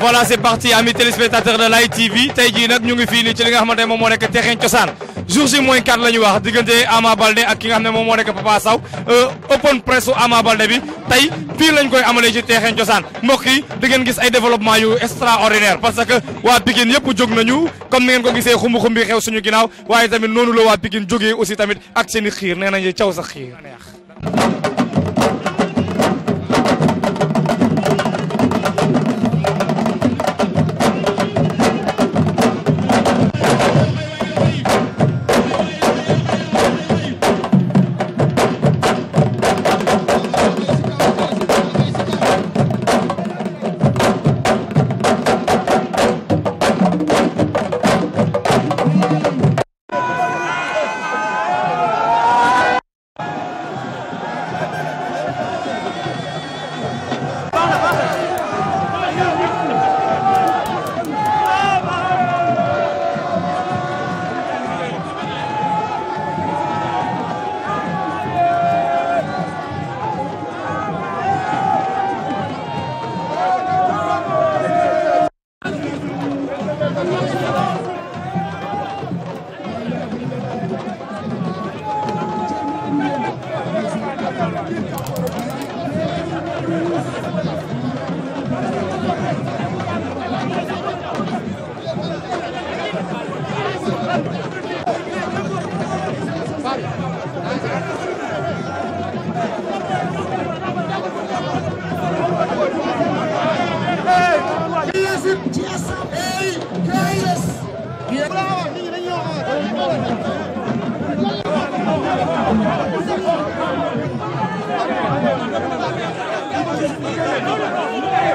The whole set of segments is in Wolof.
voilà c'est parti amis téléspectateurs de Light TV tey jii nag ñu ngi fii nii ci li nga xamante ne moom moo nekk Teexeñ Cosaan jour J moins 4 la wax diggante Ama Baldé ak ki nga xam ne moom moo nekk Papa Sow euh, open press u Ama Baldé bi tey fii lañ koy amalee ci Teexeñ Cosaan mbokk yi di ngeen gis ay développement yu extraordinaire parce que waa Pikine yëpp jóg nañu comme ni ngeen ko gisee xumbu xumbi xew suñu ginnaaw waaye tamit noonu la waa Pikine jógee aus tamit ak seen i xiir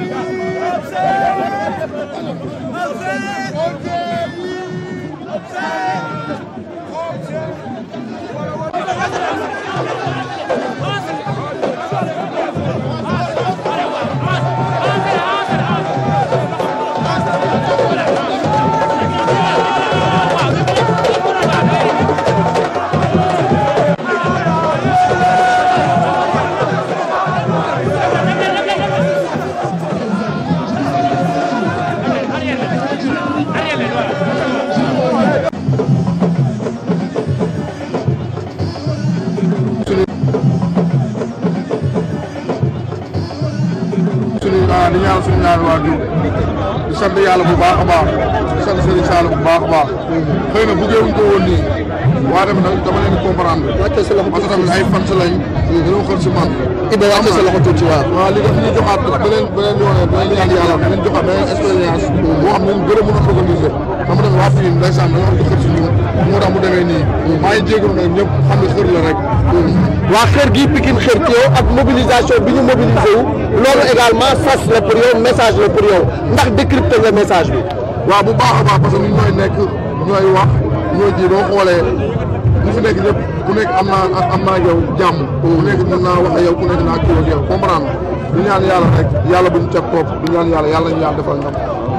Alors, ñaanal suñu ñaari waajur di sant yàlla bu baax a baax di sant Serigne Saliou bu baax a baax xëy na buggee wuñ ko woon nii waa dem nag dama leen comprendre parce que tamit ay fan si lañ dañoo xër si man Iba wàcce sa loxo tuuti waaw waaw li daf ñu joxaat beneen beneen yoonee beneen ñaan yàlla beneen joxaat beneen expérience moo xam ne ñu gën a mën a organiser dafa des waa Pikine ndeysaan dañoo xam ne xër si ñun moo tax mu demee nii maa ngi jégalu nag ñëpp xam ne xër la rek waa xër gi Pikine xër ci yow ak mobilisation bi ñu mobilisé wu loolu également sas la pour yow message la pour yow ndax décrypté nga message bi waa bu baax a baax parce que ñooy nekk ñooy wax ñoo ji xoolee ñu fi nekk ñëpp ku nekk am naa am naa yow jàmm ku nekk naa wax yow ku nekk naa kii ak yow du ñaan yàlla rek yàlla buñu ca topp du ñaan yàlla ñu yàlla defal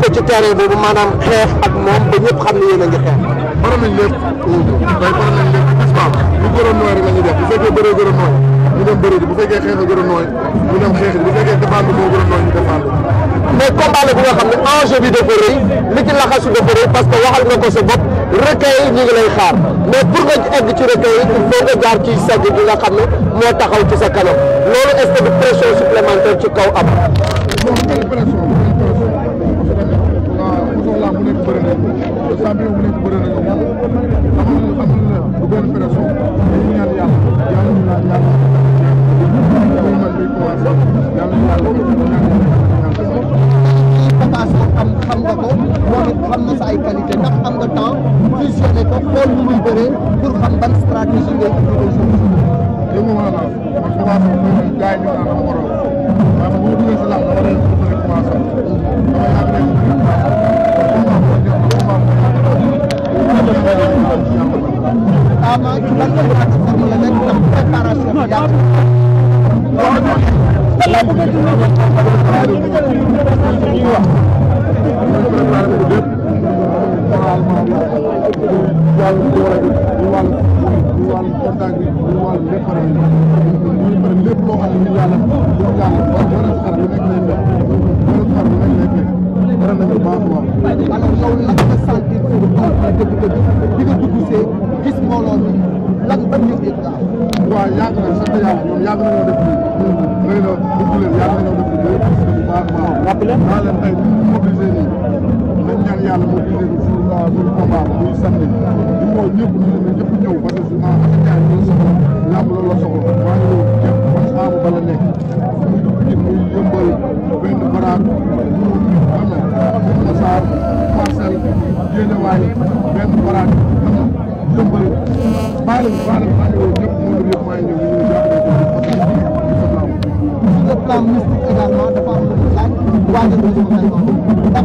te ci terrain boobu maanaam xeex ak moom ba ñëpp xam ne yéen a ngi xeex. faral nañ lépp. bay faral nañ lépp gis nga lu gërëm nooy rek la ñuy def bu fekkee bëree gërëm nooy ñu dem bëri bu fekkee xeex a gërëm nooy ñu dem xeex bu fekkee défendre moo gërëm nooy ñu défendre. mais combat la bu nga xam ne enjeu bi dafa rëy li ci laxasu dafa rëy parce que waxal nga ko sa bopp recueil yi ñu ngi lay xaar mais pour nga egg ci recueil yi il faut nga jaar ci segg bi nga xam ne moo taxaw ci sa kanam loolu est-ce que pression supplémentaire ci kaw am bi mu nekk bëri nañu amul amul du benn pression dañu ñaan yàlla yàlla ñu naan yàlla ñu man bi commencé yàlla ñu yàlla Papa Sow xam xam nga ko moom it xam na sa ay qualité ndax am nga temps visionné ko xool nu muy bëree pour xam ban stratégie ngay utilisé moom la man Papa Sow mooy gars yi ñu naan am waral waaye bu ma duggee si laaj dama lay commencé dama yàgg ama ci ban waxtu sax la nekk ndax préparation bi yàgg Thank you. yàgg ñoom yàgg nañoo def lii xëy na dugg leen yàgg nañoo def lii bu baax a baax jàpp leen naa leen tey mobilisé nii nañ ñaan yàlla mobilisé bi suñu suñu combat muy samedi di moo ñëpp ñu ne ñëpp ñëw parce que souvent askan yi loolu soxla làmb loolu la soxla maa ngi ñëw jëm parce que amu bala nekk muy dugg ci muy yëmbal benn baraag am na Masaar parcelle Guédiawaye benn baraag am na yëmbal bàyyi bàyyi ñëpp moom ñëpp maa ngi ñëw mystique également dafa am lu laaj waajal bi su mel noonu ndax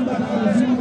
Thank you.